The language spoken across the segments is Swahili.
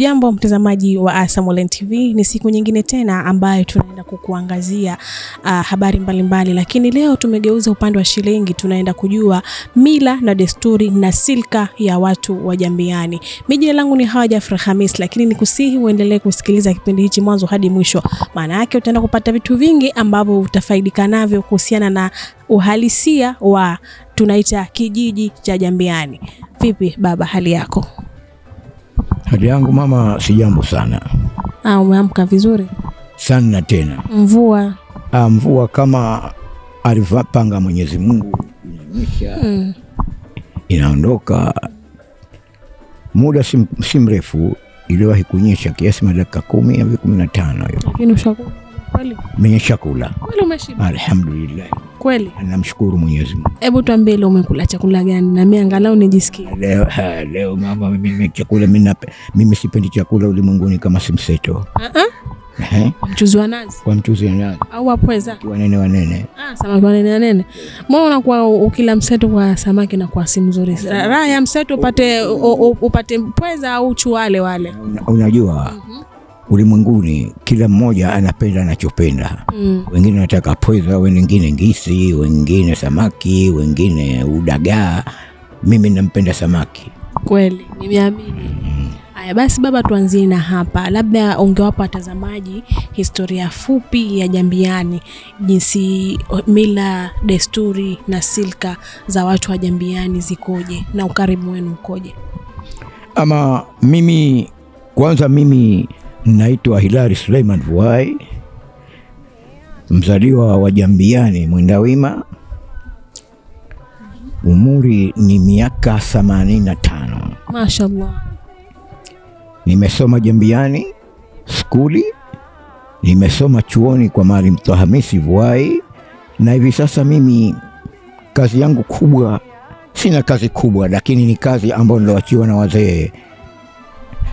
Hujambo mtazamaji wa ASAM Online TV, ni siku nyingine tena ambayo tunaenda kukuangazia uh, habari mbalimbali mbali. Lakini leo tumegeuza upande wa shilingi, tunaenda kujua mila na desturi na silka ya watu wa Jambiani. Mimi langu ni Hawa Jafra Hamis, lakini nikusihi uendelee kusikiliza kipindi hichi mwanzo hadi mwisho, maana yake utaenda kupata vitu vingi ambavyo utafaidika navyo kuhusiana na uhalisia wa tunaita kijiji cha Jambiani. Vipi baba, hali yako? Hali yangu mama, si jambo sana. Ah, umeamka vizuri sana tena. Mvua ah, mvua kama alivyopanga Mwenyezi Mungu inanyesha, mm. inaondoka. Muda si mrefu iliwahi kunyesha kiasi madakika kumi au kumi na tano hivi. Kweli? kula. Kweli umeshiba? Alhamdulillah. Kweli? Namshukuru Mwenyezi Mungu. Hebu tuambie leo umekula chakula gani na mimi angalau nijisikie. Leo, ha, leo mama mimi chakula mimi mimi sipendi chakula ulimwenguni kama simseto. Ah uh Eh. Mchuzi wa nazi. Kwa mchuzi wa nazi. Au nene wa wanene. Ah, samaki wa nene. Mbona unakuwa ukila mseto kwa samaki na kwa si mzuri. Raha ya mseto upate upate pweza au chuale wale. Unajua. Mm -hmm ulimwenguni kila mmoja anapenda anachopenda mm. Wengine wanataka pweza, wengine ngisi, wengine samaki, wengine udagaa. Mimi nampenda samaki kweli, nimeamini mm. Haya basi, baba, tuanzie na hapa, labda ungewapa watazamaji historia fupi ya Jambiani, jinsi mila, desturi na silka za watu wa Jambiani zikoje na ukarimu wenu ukoje? Ama mimi kwanza mimi Naitwa Hilari Suleiman Vuai, mzaliwa wa Jambiani mwendawima Umuri ni miaka 85. Mashaallah. Nimesoma Jambiani skuli, nimesoma chuoni kwa Maalim Toha Vuai, na hivi sasa mimi kazi yangu kubwa, sina kazi kubwa, lakini ni kazi ambayo niloachiwa na wazee,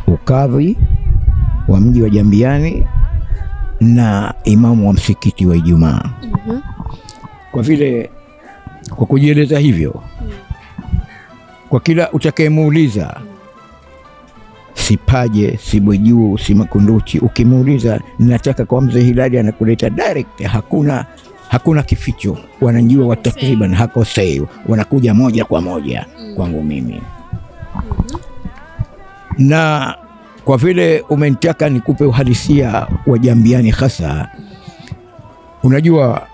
ukavi wa mji wa Jambiani na imamu wa msikiti wa Ijumaa. mm -hmm. Kwa vile kwa kujieleza hivyo, mhm. kwa kila utakayemuuliza, Sipaje, si Paje, si si Makunduchi, ukimuuliza nataka kwa mzee Hilali anakuleta direct, hakuna hakuna kificho, wanajua watakriban, hakosei, wanakuja moja kwa moja mm. kwangu mimi. mm -hmm. na kwa vile umenitaka nikupe uhalisia wa Jambiani, hasa unajua,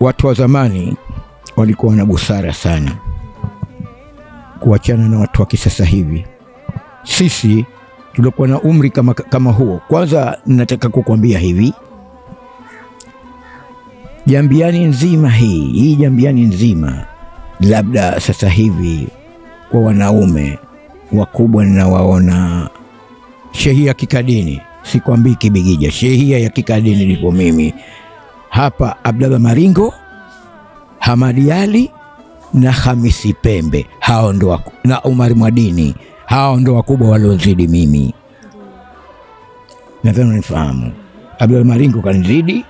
watu wa zamani walikuwa na busara sana kuachana na watu wa kisasa hivi. Sisi tulikuwa na umri kama, kama huo. Kwanza nataka kukuambia hivi, Jambiani nzima hii hii Jambiani nzima, labda sasa hivi kwa wanaume wakubwa ninawaona shehia kikadini, sikwambii Kibigija, shehia ya kikadini ndipo mimi hapa, Abdalla Maringo, Hamadi Ali na Hamisi Pembe, hao ndo na Umari Mwadini, hao ndo wakubwa waliozidi mimi, nadhani nifahamu. Abdalla Maringo kanizidi,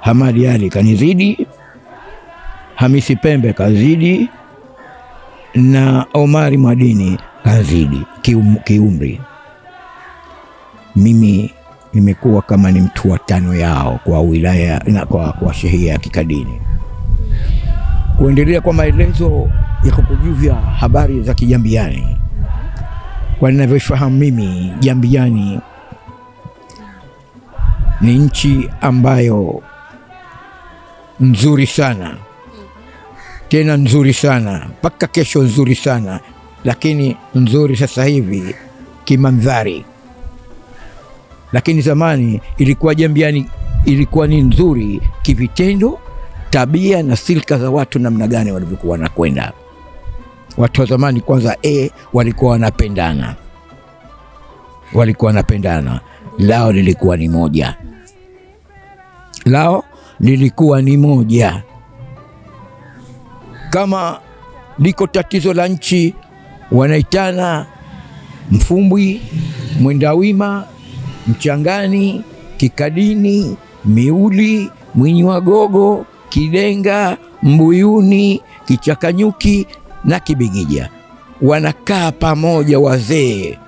Hamadi Ali kanizidi, Hamisi Pembe kazidi na Omari Mwadini kazidi kium, kiumri mimi nimekuwa kama ni mtu wa tano yao kwa wilaya na kwa, kwa shehia ya Kikadini. Kuendelea kwa maelezo ya kukujuvya habari za Kijambiani, kwa ninavyofahamu mimi, Jambiani ni nchi ambayo nzuri sana tena nzuri sana mpaka kesho, nzuri sana lakini nzuri sasa hivi kimandhari lakini zamani ilikuwa Jambiani ilikuwa ni nzuri kivitendo, tabia na silka za watu namna gani walivyokuwa wanakwenda. Watu wa zamani kwanza, e, walikuwa wanapendana, walikuwa wanapendana. Lao lilikuwa ni moja, lao lilikuwa ni moja. Kama liko tatizo la nchi, wanaitana mfumbwi, mwendawima Mchangani, Kikadini, Miuli, Mwinyi wa Gogo, Kidenga, Mbuyuni, Kichakanyuki na Kibigija. Wanakaa pamoja wazee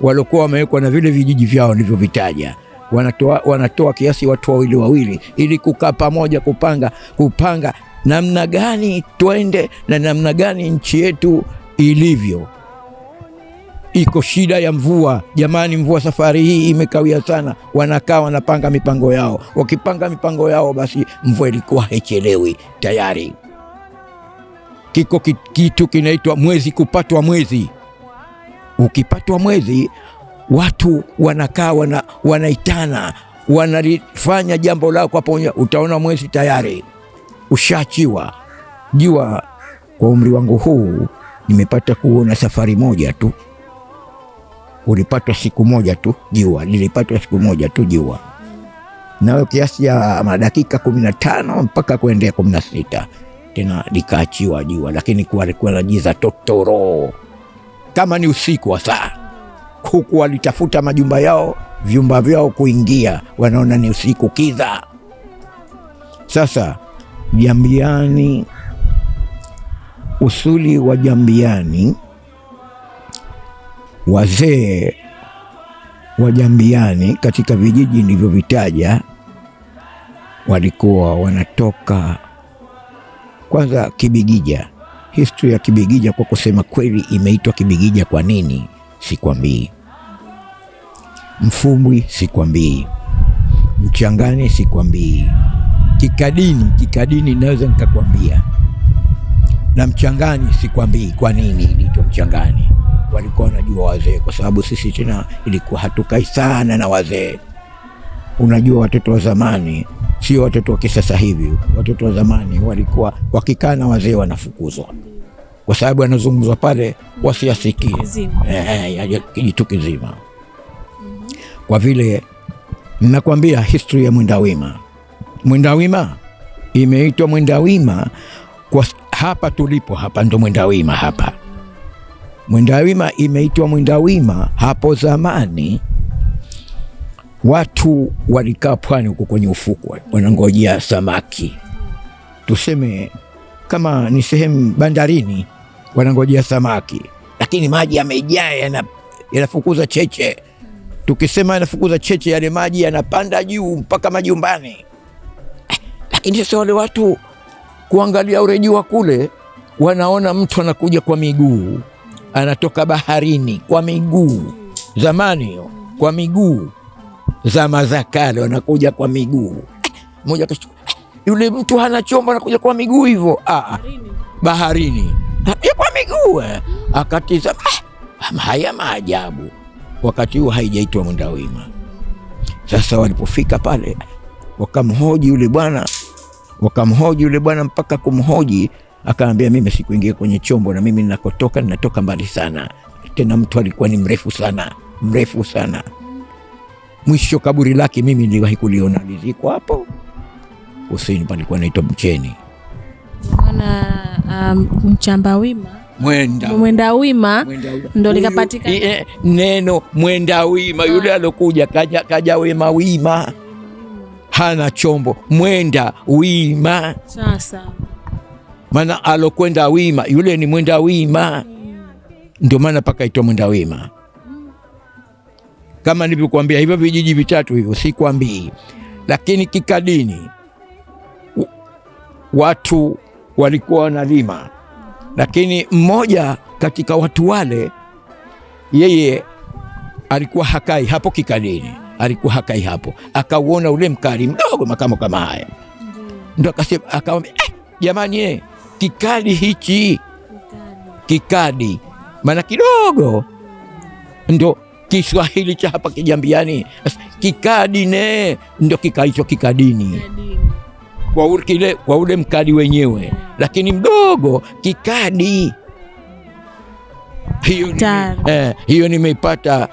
waliokuwa wamewekwa na vile vijiji vyao nilivyovitaja. Wanatoa, wanatoa kiasi watu wawili wawili ili kukaa pamoja kupanga, kupanga namna gani twende na namna gani nchi yetu ilivyo iko shida ya mvua jamani, mvua safari hii imekawia sana. Wanakaa wanapanga mipango yao, wakipanga mipango yao basi mvua ilikuwa haichelewi tayari. Kiko kitu kinaitwa mwezi kupatwa mwezi. Ukipatwa mwezi, watu wanakaa wana, wanaitana wanalifanya jambo lao kwa pamoja, utaona mwezi tayari ushachiwa jua. Kwa umri wangu huu nimepata kuona safari moja tu ulipatwa siku moja tu jua, lilipatwa siku moja tu jua, nayo kiasi ya madakika kumi na tano mpaka kuendea kumi na sita tena likaachiwa jua, lakini kulikuwa na giza totoro kama ni usiku wa saa. Kuku walitafuta majumba yao vyumba vyao kuingia, wanaona ni usiku kidha. Sasa jambiani, usuli wa jambiani wazee wa Jambiani katika vijiji nilivyovitaja walikuwa wanatoka kwanza Kibigija. Historia ya Kibigija kwa kusema kweli, imeitwa Kibigija kwa nini sikwambii. Mfumbwi sikwambii, Mchangani sikwambii, Kikadini, Kikadini naweza nikakwambia, na Mchangani sikwambii kwa nini iliitwa Mchangani walikuwa wanajua wazee, kwa sababu sisi tena ilikuwa hatukai sana na wazee. Unajua, watoto wa zamani sio watoto wa kisasa hivi. Watoto wa zamani walikuwa wakikaa na wazee wanafukuzwa kwa sababu anazungumzwa pale wasiasikie kijitu kizima. Kwa vile nakwambia histori ya Mwindawima, mwendawima imeitwa mwendawima kwa hapa tulipo hapa ndo mwendawima hapa Mwendawima imeitwa Mwindawima hapo zamani, watu walikaa pwani huko kwenye ufukwe wanangojea samaki, tuseme kama ni sehemu bandarini, wanangojea samaki, lakini maji yamejaa, yanafukuza cheche. Tukisema yanafukuza cheche, yale maji yanapanda juu mpaka majumbani. Eh, lakini sasa wale watu kuangalia urejiwa kule, wanaona mtu anakuja kwa miguu anatoka baharini kwa miguu zamani hiyo, kwa miguu zama za kale, wanakuja kwa miguu. Eh, moja akashtuka, eh, yule mtu hana chombo, anakuja kwa miguu hivyo ah, ah. baharini eh, kwa miguu. Akatizama, haya maajabu. Wakati huo haijaitwa mwendawima. Sasa walipofika pale, wakamhoji yule bwana, wakamhoji yule bwana mpaka kumhoji Akaambia mimi sikuingia kwenye chombo, na mimi ninakotoka ninatoka mbali sana. Tena mtu alikuwa ni mrefu sana, mrefu sana. Mwisho kaburi lake mimi niliwahi kuliona, liziko hapo Kusini, palikuwa naitwa Mcheni. Ona um, mchamba wima mwenda, mwenda wima ndo likapatikana eh, eh, neno mwenda wima. Ah. Yule alokuja kaja, kaja wema wima, hana chombo, mwenda wima. Sasa maana alokwenda wima yule ni mwenda wima, ndio maana paka itwa mwenda wima. Kama nilivyokuambia hivyo vijiji vitatu hivyo, sikwambii. Lakini kikadini watu walikuwa wanalima, lakini mmoja katika watu wale, yeye alikuwa hakai hapo kikadini, alikuwa hakai hapo, akauona ule mkali mdogo makamo kama haya, ndo akasema, akamwambia eh, jamani eh kikadi hichi kikadi, maana kidogo ndo Kiswahili cha hapa Kijambiani. Kikadi ne ndo kikaicho kikadini kwa ule, kwa ule mkadi wenyewe, lakini mdogo kikadi hiyo, eh, hiyo nimeipata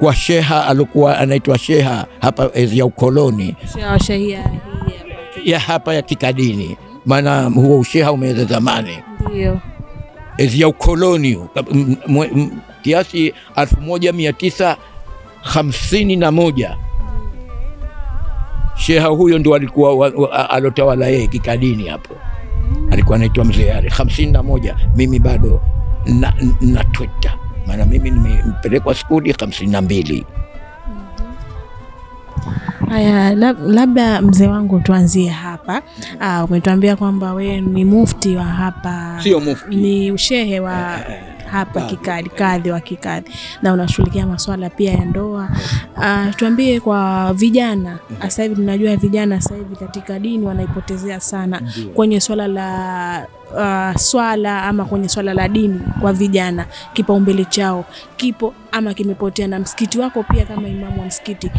kwa sheha alikuwa anaitwa sheha hapa eh, ya ukoloni ya hapa ya kikadini maana huo usheha umeweza zamani, ndio enzi ya ukoloni kiasi 1951 sheha huyo ndo alikuwa alotawala yeye kikadini hapo, alikuwa anaitwa mzee Ali. 51 mimi bado na na, maana mimi nimepelekwa skuli 52. Haya, labda mzee wangu, tuanzie hapa. Mm-hmm. Ah, umetuambia kwamba wewe ni mufti wa hapa, sio mufti, ni ushehe wa eh, eh, hapa eh. kikadi, kadhi wa kikadhi, na unashughulikia masuala pia ya ndoa. Ah, tuambie kwa vijana mm-hmm. sasa hivi, tunajua vijana sasa hivi katika dini wanaipotezea sana kwenye swala la Uh, swala ama kwenye swala la dini kwa vijana, kipaumbele chao kipo ama kimepotea. Na msikiti wako pia, kama imamu wa msikiti,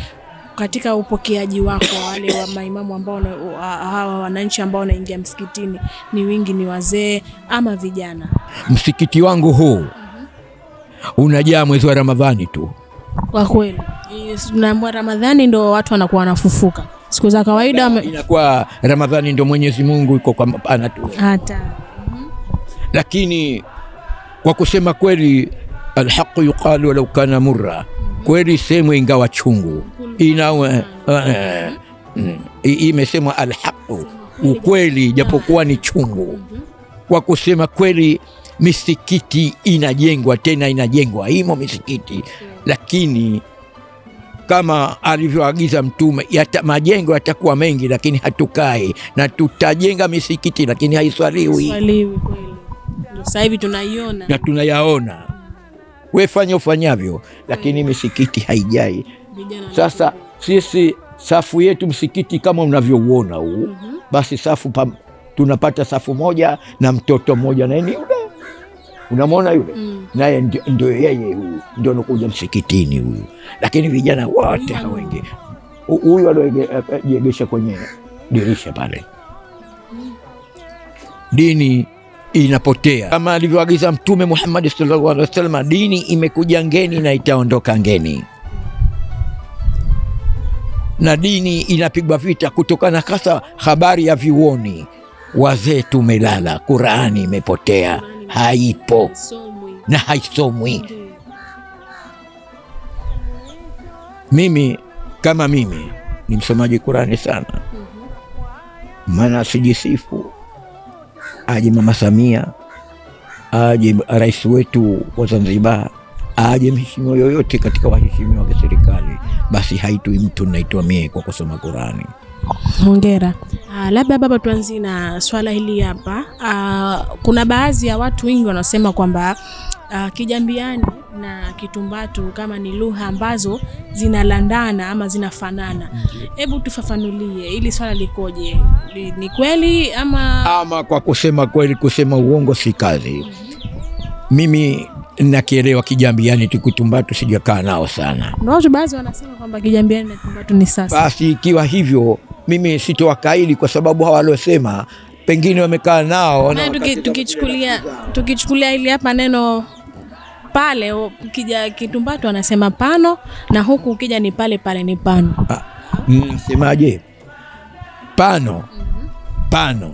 katika upokeaji wako wale wa maimamu ambao hawa wananchi ambao wanaingia msikitini ni wingi, ni wazee ama vijana? Msikiti wangu huu unajaa mwezi wa Ramadhani tu kwa kweli, na Ramadhani ndo watu wanakuwa wanafufuka. Siku za kawaida inakuwa Ramadhani ndo Mwenyezi Mungu iko kwa mapana tu hata lakini kwa kusema kweli, alhaqu yuqalu walau kana murra, kweli sehemu ingawa chungu ina eh, eh, mm, imesemwa alhaqu, ukweli, japokuwa ni chungu. Kwa kusema kweli, misikiti inajengwa tena inajengwa imo misikiti, lakini kama alivyoagiza Mtume, yata majengo yatakuwa mengi, lakini hatukai na tutajenga misikiti, lakini haiswaliwi sasa hivi tunaiona na tunayaona, wefanya ufanyavyo, lakini misikiti haijai. Sasa sisi safu yetu msikiti kama mnavyouona huu mhm. Basi safu pa, tunapata safu moja na mtoto mmoja ni yule unamwona yule mm. naye ndio yeye huyu ndio anakuja msikitini huyu, lakini vijana wote hawengi huyu aliojiegesha eh, eh, kwenye dirisha pale. Dini inapotea kama alivyoagiza Mtume Muhammad sallallahu alaihi wasallam, dini imekuja ngeni na itaondoka ngeni na dini inapigwa vita kutokana hasa habari ya vyuoni. Wazee tumelala, Qurani imepotea, haipo na haisomwi. Mimi kama mimi ni msomaji Qurani sana, maana sijisifu aje Mama Samia aje rais wetu wa Zanzibar aje mheshimiwa yoyote katika waheshimiwa wa kiserikali basi haitui mtu, naitwa mie kwa kusoma Qurani. Hongera. Ah, labda baba, tuanzi na swala hili hapa. Ah, kuna baadhi ya watu wengi wanasema kwamba ah, Kijambiani na Kitumbatu kama ni lugha ambazo zinalandana ama zinafanana. Hebu tufafanulie ili swala likoje, ni kweli ama? Ama kwa kusema kweli, kusema uongo si kazi. Mhm. Mimi na kielewa Kijambiani tukutumbatu, sijakaa nao sana. Baadhi wanasema kwamba Kijambiani na Tumbatu ni sasa. Basi ikiwa hivyo, mimi sitoa kaili kwa sababu hawa waliosema pengine wamekaa nao na tukichukulia tukichukulia ili hapa neno pale ukija Kitumbatu anasema pano na huku ukija ni pale pale ni pano. Ah, Msemaje? Pano mhm. pano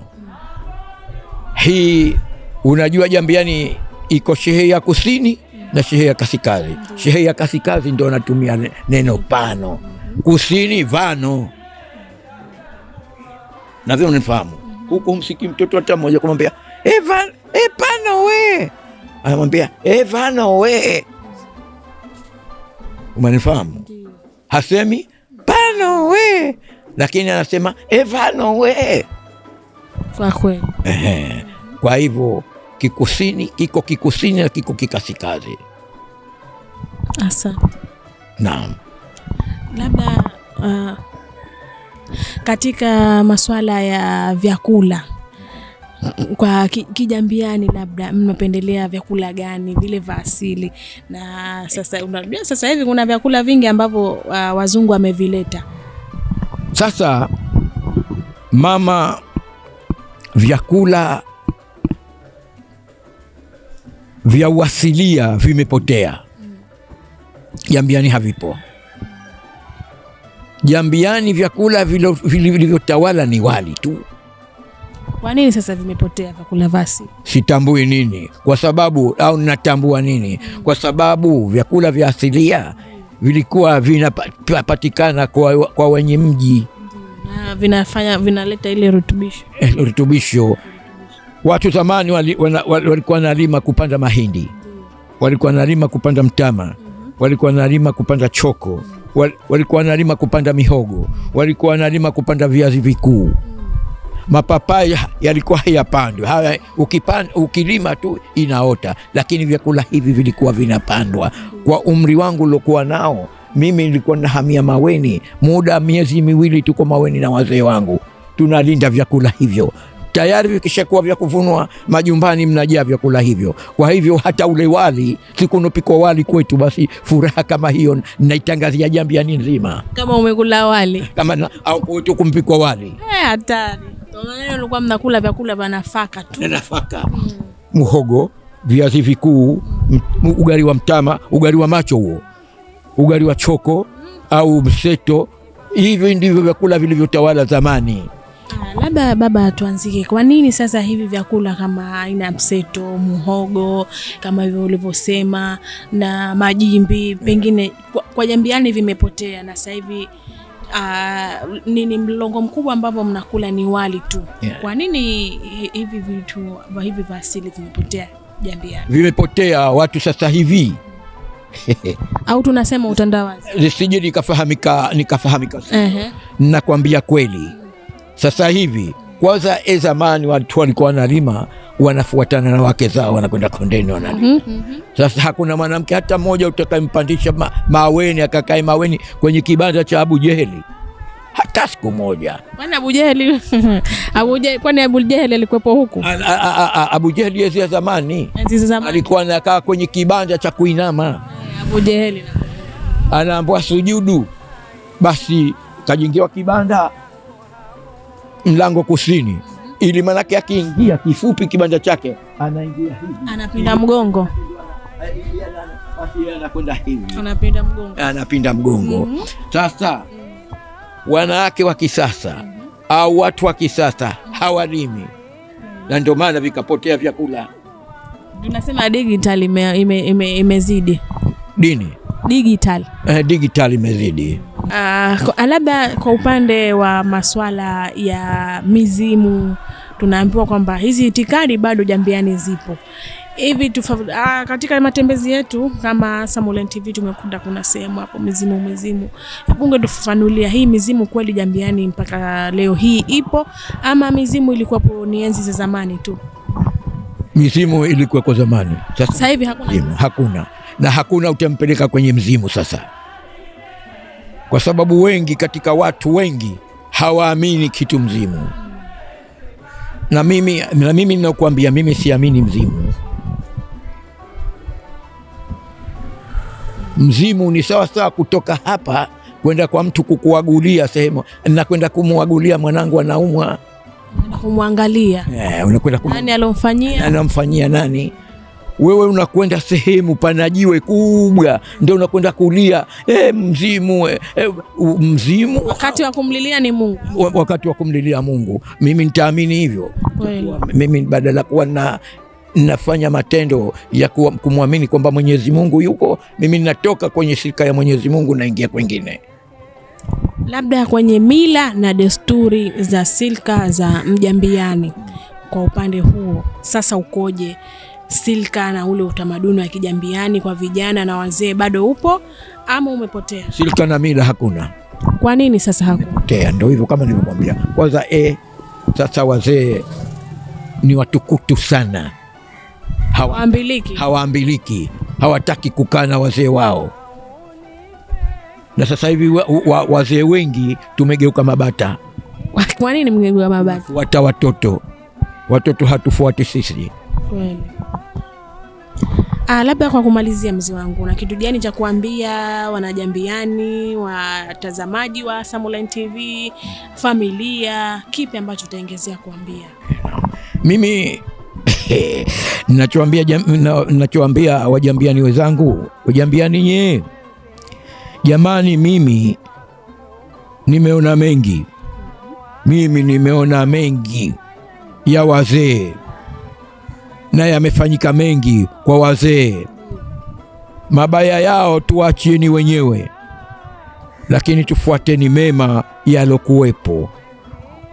hii, unajua Jambiani iko shehe ya kusini na shehe ya kasikazi Shehe ya kasikazi ndio anatumia neno pano, kusini vano, na vile unifahamu Huko msiki mtoto hata mmoja kumwambia Eva, e pano we, anamwambia e vano we, umenifahamu? Hasemi pano we, lakini anasema e vano we. Kwa hivyo kikusini, iko kikusini na kiko kikasikazi. Asante. Naam, labda uh, katika masuala ya vyakula kwa Kijambiani, labda mnapendelea vyakula gani vile vya asili? Na sasa unajua, sasa hivi kuna vyakula vingi ambavyo uh, wazungu wamevileta. Sasa mama, vyakula vya uasilia vimepotea, Jambiani havipo. Jambiani vyakula vilivyotawala ni wali tu. Kwa nini sasa vimepotea vyakula vasi? Sitambui nini kwa sababu, au ninatambua nini kwa sababu vyakula vya asilia vilikuwa vinapatikana kwa, kwa wenye mji ah, vinafanya vinaleta ile rutubisho eh, rutubisho Watu zamani walikuwa wana, wali kupanda mahindi, walikuwa nalima kupanda mtama, walikuwa nalima kupanda choko, walikuwa wanalima kupanda mihogo, walikuwa nalima kupanda viazi vikuu. Mapapai yalikuwa hayapandwi. haya ukilima tu inaota, lakini vyakula hivi vilikuwa vinapandwa. Kwa umri wangu uliokuwa nao mimi, nilikuwa nahamia Maweni, muda miezi miwili tuko Maweni na wazee wangu, tunalinda vyakula hivyo tayari vikishakuwa vya kuvunwa majumbani, mnajaa vyakula hivyo. Kwa hivyo hata ule wali, siku wali kwetu, basi furaha kama hiyo naitangazia Jambiani nzima, kama umekula wali kama au kwetu kumpikwa wali eh, hatari. Ulikuwa mnakula vyakula vya nafaka tu, nafaka, mm. muhogo, viazi vikuu, ugali wa mtama, ugali wa macho huo, ugali wa choko mm. au mseto. Hivi ndivyo vyakula vilivyotawala zamani. Ah, labda baba, tuanzie kwa nini sasa hivi vyakula kama aina ya mseto, muhogo kama hivyo ulivyosema na majimbi pengine kwa, kwa Jambiani vimepotea na sasa hivi uh, ni, ni mlongo mkubwa ambapo mnakula ni wali tu yeah. Kwa nini hivi vitu hivi vya asili vimepotea Jambiani? Vimepotea watu sasa hivi au tunasema utandawazi, sije nikafahamika nikafahamika. uh -huh. Nakwambia kweli sasa hivi kwanza, e, zamani watu walikuwa wanalima wanafuatana na wake zao wanakwenda kondeni wanalima mm -hmm. Sasa hakuna mwanamke hata mmoja utakayempandisha ma, maweni akakae maweni kwenye kibanda cha Abu Jeheli hata siku moja. Abu Jeheli kwani Abu Jeheli alikuwepo huku? Abu Jeheli enzi za zamani alikuwa anakaa kwenye kibanda cha kuinama, eh, Abu Jeheli anaambwa sujudu, basi kajingiwa kibanda mlango kusini, ili manake akiingia kifupi kibanja chake anaingia hivi, anapinda mgongo anakwenda hivi, anapinda mgongo, anapinda mgongo. Mhm. Sasa wanawake wa kisasa au watu wa kisasa hawalimi, na ndio maana vikapotea vyakula. Tunasema digital imezidi dini digital, eh, digital imezidi. Uh, labda kwa upande wa masuala ya mizimu tunaambiwa kwamba hizi itikadi bado jambiani zipo hivi tufav... Ah, katika matembezi yetu kama Samulen TV tumekuta kuna sehemu hapo mizimu mizimu, ungetufafanulia hii mizimu kweli jambiani mpaka leo hii ipo ama mizimu ilikuwapo ni enzi za zamani tu? Mizimu kwa zamani, sasa hivi hakuna, hakuna na hakuna utampeleka kwenye mzimu sasa, kwa sababu wengi katika watu wengi hawaamini kitu mzimu. Na mimi na mimi ninakuambia, mimi siamini mzimu. Mzimu ni sawa sawa kutoka hapa kwenda kwa mtu kukuagulia sehemu na kwenda mwanangu anaumwa, kumwangalia eh, unakwenda alomfanyia, anamfanyia nani? wewe unakwenda sehemu pana jiwe kubwa, ndio unakwenda kulia e, mzimu e, e mzimu. Wakati wa kumlilia ni Mungu, wakati wa kumlilia Mungu. Mimi nitaamini hivyo mimi, badala kuwa na nafanya matendo ya kumwamini kwamba Mwenyezi Mungu yuko, mimi natoka kwenye shirika ya Mwenyezi Mungu naingia kwengine, labda kwenye mila na desturi za silka za Mjambiani. Kwa upande huo sasa ukoje? silka na ule utamaduni wa Kijambiani kwa vijana na wazee bado upo ama umepotea? Silka na mila hakuna. Kwa nini sasa hakupotea? Ndio hivyo kama nilivyokuambia kwanza. E, sasa wazee ni watukutu sana, hawaambiliki, hawaambiliki, hawataki kukaa na wazee wao, na sasa hivi wa, wa, wazee wengi tumegeuka mabata. Kwa nini mgeuka mabata? Wata watoto, watoto hatufuati sisi kweli. Ah, labda kwa kumalizia mzee wangu, na kitu gani cha kuambia wanajambiani, watazamaji wa Samulai TV, familia, kipi ambacho utaongezea kuambia? Mimi ninachoambia ninachoambia wajambiani wenzangu, wajambiani nyee, jamani, mimi nimeona mengi, mimi nimeona mengi ya wazee naye amefanyika mengi kwa wazee. Mabaya yao tuachieni wenyewe, lakini tufuateni mema yalokuwepo.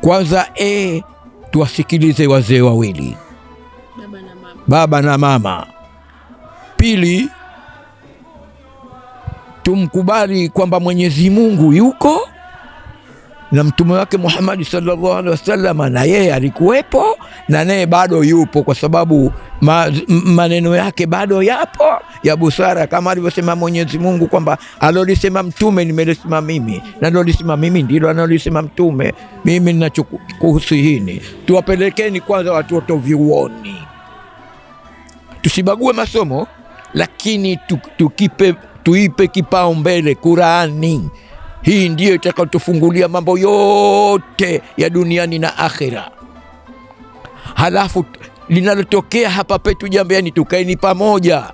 Kwanza e, tuwasikilize wazee wawili, baba na mama, baba na mama. Pili, tumkubali kwamba Mwenyezi Mungu yuko na mtume wake Muhammadi sallallahu alaihi wasallam, na yeye alikuwepo na naye bado yupo, kwa sababu ma, maneno yake bado yapo ya busara, kama alivyosema Mwenyezi Mungu kwamba alolisema mtume nimelisema mimi, alolisema mimi ndilo analolisema mtume. Mimi ninachokuhusu hini, tuwapelekeni kwanza watoto vyuoni, tusibague masomo, lakini tukipe, tuipe kipaumbele Qurani. Hii ndiyo itakayotufungulia mambo yote ya duniani na akhera. Halafu linalotokea hapa petu yani tukaeni pamoja,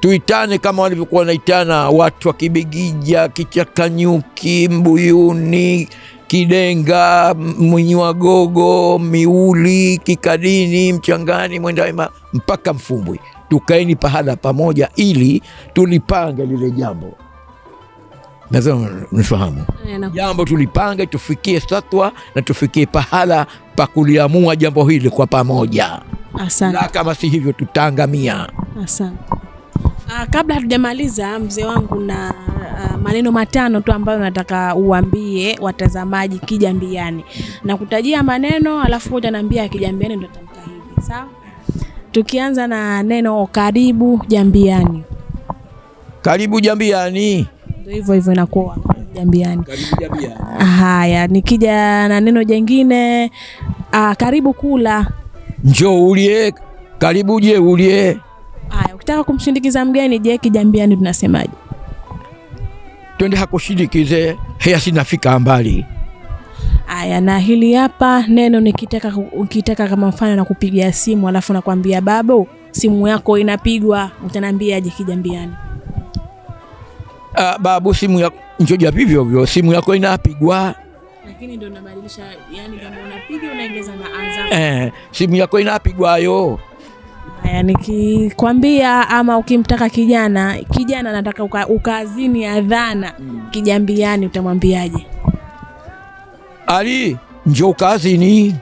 tuitane kama walivyokuwa wanaitana watu wa Kibigija, Kichakanyuki, Mbuyuni, Kidenga, Mwinywagogo, Miuli, Kikadini, Mchangani, Mwendaima mpaka Mfumbwi. Tukaeni pahala pamoja ili tulipange lile jambo. Nazama nifahamu eh, jambo tulipange, tufikie satwa na tufikie pahala pa kuliamua jambo hili kwa pamoja. Na kama si hivyo tutaangamia. Uh, ah, kabla hatujamaliza mzee wangu, na uh, maneno matano tu ambayo nataka uambie watazamaji Kijambiani, na kutajia maneno alafu moja naambia Kijambiani ndio tamka hivi, sawa? Tukianza na neno karibu Jambiani. Karibu Jambiani ndo hivyo hivyo inakuwa jambiani. Haya, nikija na neno jengine ah, karibu kula, njoo ulie, karibu je ulie. Haya, ukitaka kumshindikiza mgeni, je kijambiani tunasemaje? Twende hakushindikize heya, sinafika mbali. Aya, na hili hapa neno nikitaka, ukitaka kama mfano na kupigia simu alafu nakwambia babu, simu yako inapigwa, utaniambiaje kijambiani? Ah, babu, simu ya njoja vivyo hivyo, simu yako inapigwa, lakini ndio nabadilisha, yani kama unapiga unaongeza na Azam. Eh, simu yako inapigwayo. Haya, nikikwambia ama ukimtaka kijana, kijana nataka uka, ukazini adhana mm. Kijambiani utamwambiaje? Ali, njoo kazini,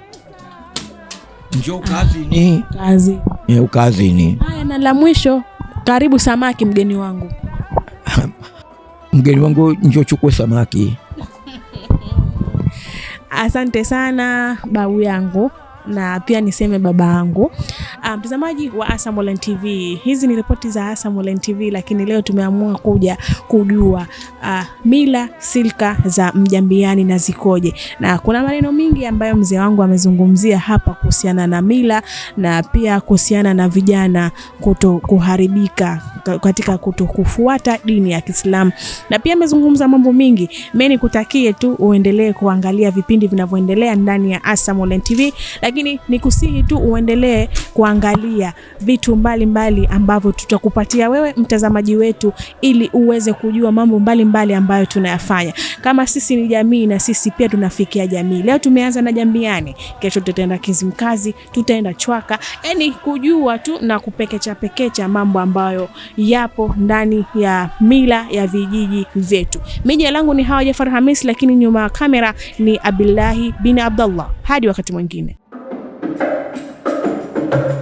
njoo kazini, kazi eh, ukazini. Haya, na la mwisho, karibu samaki, mgeni wangu mgeni wangu, njoo chukue samaki. Asante sana babu yangu na pia niseme baba yangu. Ah, mtazamaji um, wa Asam Online TV, hizi ni ripoti za Asam Online TV, lakini leo tumeamua kuja kujua uh, mila silka za Mjambiani na zikoje, na kuna maneno mingi ambayo mzee wangu amezungumzia hapa kuhusiana na mila na pia kuhusiana na vijana kuto kuharibika katika kuto kufuata dini ya Kiislamu, na pia amezungumza mambo mingi. Mimi nikutakie tu uendelee kuangalia vipindi vinavyoendelea ndani ya Asam Online TV lakini lakini ni kusihi tu uendelee kuangalia vitu mbalimbali mbali ambavyo tutakupatia wewe mtazamaji wetu, ili uweze kujua mambo mbalimbali mbali ambayo tunayafanya kama sisi ni jamii, na sisi pia tunafikia jamii. Leo tumeanza na Jambiani, kesho tutaenda Kizimkazi, tutaenda Chwaka, yani kujua tu na kupekecha pekecha mambo ambayo yapo ndani ya mila ya vijiji vyetu. Miji langu ni hawa Jafar Hamis, lakini nyuma ya kamera ni Abdullahi bin Abdullah. Hadi wakati mwingine. you.